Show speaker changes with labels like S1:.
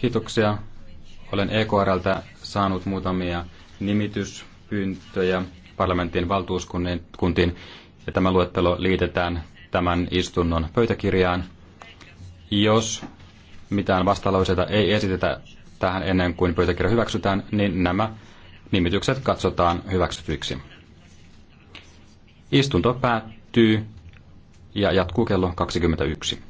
S1: Kiitoksia. Olen EKRltä saanut muutamia nimityspyyntöjä parlamentin valtuuskuntiin ja tämä luettelo liitetään tämän istunnon pöytäkirjaan. Jos mitään vastalauseita ei esitetä tähän ennen kuin pöytäkirja hyväksytään, niin nämä nimitykset katsotaan hyväksytyiksi. Istunto päättyy ja jatkuu kello 21.